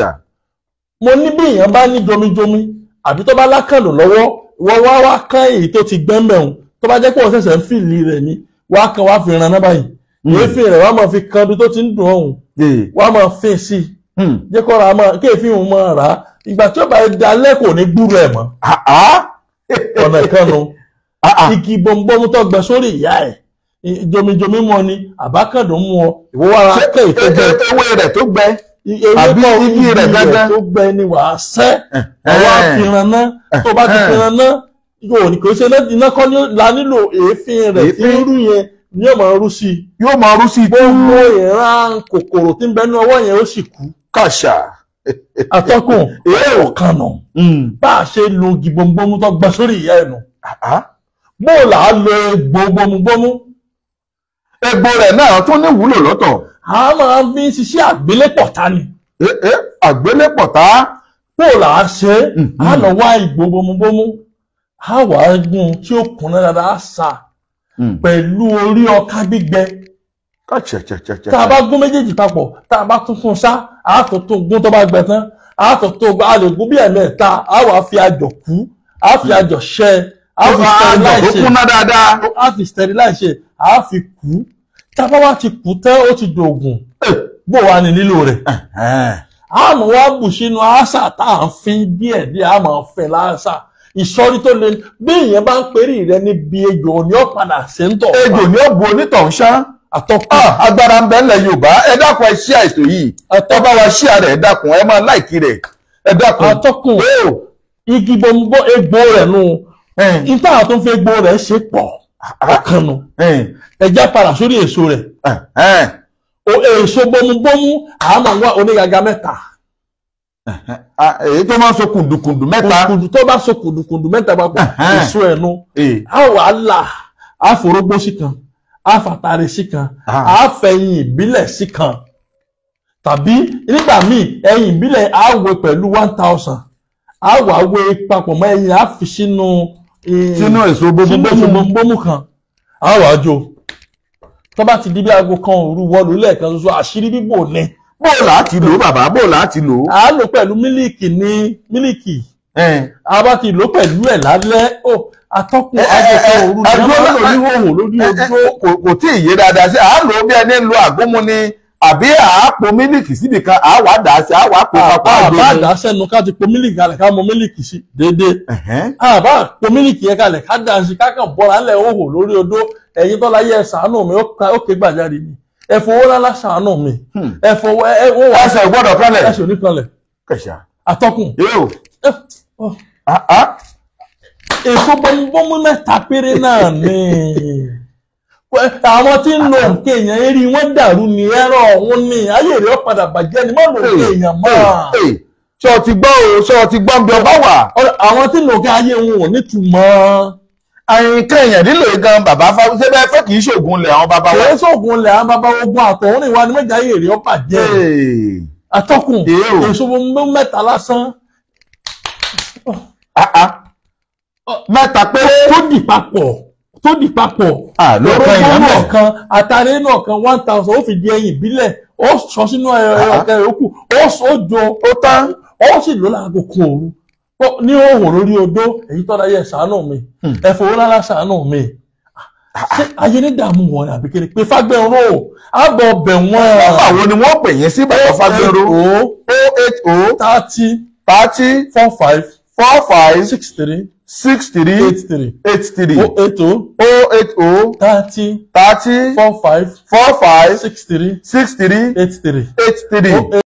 jà mo ní bí èèyàn bá ní jomijomi àbí tó bá lákàlù lọ́wọ́ wọ́n wá wá kán èyí tó ti gbẹ́mbẹ̀hùn tó bá jẹ́ pé wọ́n ṣẹ̀ṣẹ̀ ń fìlì rẹ̀ ni wá kan wá fi ran náà báyìí wa hmm. rẹ̀ fi kan bí tó ti ń dùn ọ̀hún wá máa fín sí i hmm. jẹ́ kọ́ra kéèfín òun máa rà á ìgbà tí ó bá dalẹ́ kò ní gbúrò ẹ̀ mọ́ ọ̀nà ìkànnù igi tó gbẹ sórí ìyá ẹ̀ jomijomi mọ́ ni mú ọ ìtọ́jú àbí ibi rẹ̀ gángan tó gbẹ ni wàá sẹ́ ọwọ́ àfihàn náà tó bá ti fihàn náà yóò ní kò ṣe iná kọ́ la nílò èéfín rẹ̀ tí ń rú yẹn ni yóò máa rú sí i yóò máa rú sí i tó mú ìran kòkòrò tí ń bẹnu ọwọ́ yẹn ó sì kú. kàṣà atọ́kùn èyí ò kan nù bá a ṣe lu igi tó gbọ́ sórí ìyá ẹ̀nu bó là á lo egbò gbomgbomú egbò rẹ̀ náà tún ní wúlò lọ́tọ̀ a máa fi ń ṣiṣẹ́ àgbélépọ̀tá ni. àgbélépọ̀tá. kó là á ṣe é mm-hmm. a lọ wá ìgbò bomubomu a wà á gún un tí ó kùnà dáadáa sà mm. pẹ̀lú orí ọkà gbígbẹ. tá a bá gún méjèèjì papọ̀ tá a bá tún fún un ṣá a tó tó gún tó bá gbẹ tán a tó tó a lè gún bí ẹ̀mẹ́ta a wà á fi àjọ kú a fi àjọ ṣẹ́ a fi sterilize a fi sterilize a fi kú tábà wá ti kú tán ó ti dògùn eh. bó wá ní lílò rẹ̀ àmọ́ wá bù sínú àṣà tá à ń fi díẹ̀ díẹ̀ àmọ́ fẹ́ láṣà ìsọrí tó le bí èèyàn bá ń perí rẹ níbi ejò ni ó padà sí ń tọ̀. ejò ni ó bu onítọ̀ ń ṣá àtọ́kùn. Ah, agbára ń bẹ ńlẹ̀ yorùbá ẹ dákun ẹ ṣí àìsàn yìí ẹ bá wa ṣí àrẹ ẹ dákun ẹ máa láìkí rẹ ẹ dákun. àtọ́kùn igi bọ́ńbọ́ egbò rẹ̀ nù ìtàn àtúnfẹ́ egbò rẹ̀ ṣe pọ̀ ah, ah. ọ̀kan ẹja padà sórí èso rẹ̀ èso gbómúgbómú àmọ́ wá onígaga mẹ́ta. èyí tó máa ń so kùndùkùndù mẹ́ta. kùndù tó bá so kùndùkùndù mẹ́ta papọ̀ èso ẹ̀nu á wà á là á forógbó sí kan á fàtàrí sí kan á fẹ̀yìn ìbílẹ̀ sí kan tàbí nígbà míì ẹ̀yìn ìbílẹ̀ á wé pẹ̀lú one thousand á wà á wé papọ̀ mọ́ ẹ̀yìn á fi sínú. sínú èso gbómúgbómú kan á wà á jó tó bá ti di bí aago kan òru wọlú lẹ́ẹ̀kan ṣoṣo àṣírí bíbò ni. bó láti lò bàbá bó láti lò. a lò pẹ̀lú mílíkì ní mílíkì a bá ti lò pẹ̀lú ẹ̀ lálẹ́ o atọ́kùn aago kan òru ni wọ́n lò ní òhùn lójú ojú. kò tí ì yé dáadáa sí à ń lò ó bí ẹni ń lo àgúnmu ni. àbí àápò mílìkì síbi kan àáwá dà á sí àáwá pò papọ̀ àgbèrè. àbá dà á sẹ́nu ká ti po mílìkì kalẹ̀ ká mọ mílìkì sí àbá po mílìkì yẹn kalẹ̀ ká dà á sí kákan bọ́ra ńlẹ̀ òhò lórí odó ẹ̀yin tó láyé mi ó ké gbàjáde mi hmm. fowó lálá mi fowó ó wà. gbọ́dọ̀ àwọn tí ń lo nǹkan èèyàn eré wọn dàrú ni ẹrọ ọhún ni ayé rẹ padà bàjẹ́ ni má lo nǹkan èèyàn mọ́ ṣé o ti gbọ́ o ṣé o ti gbọ́ bí ọba wà. àwọn tí ń lo nǹkan ayé wọn ò nítumọ̀ àyìnká èèyàn nílò gan bàbá fáwọn ṣé bẹ́ẹ̀ fẹ́ kì í ṣoògùn lẹ̀ àwọn bàbá wa. kì í ṣoògùn lẹ̀ àwọn bàbá ogun àtọ̀hún ìwà ni mẹ́jà ayé rẹ bàjẹ́ atọ́kùn oh. èso mẹ́ta lásán ah, ah. mẹ́ta pé tó dì papọ̀ tó di papọ̀ lọ́rọ́ gbọ́nà kan àtàrí náà kan one thousand ó fi di ẹyin ìbílẹ̀ ó sọ sínú ẹ̀rọ ọ̀tẹ̀ yòókù ó sọ jọ ó tán ó sì ló láago kun òru ní òhùn lórí odó èyí tọ́lá yẹ ṣàánú mi hmm. ẹ̀fọ́ owó lálá ṣàánú mi ṣé ayé ní dààmú wọn àbí kiri pé fagbẹ́rún o àbọ̀ ọbẹ̀ wọn. nọ́mbà wo ni wọ́n pè yín sí bàbá fagbẹ́rún o eight o thirty thirty four five four five six three six three eight three eight three oh eight oh oh eight oh thirty thirty four five four five six three six three eight three oh eight three.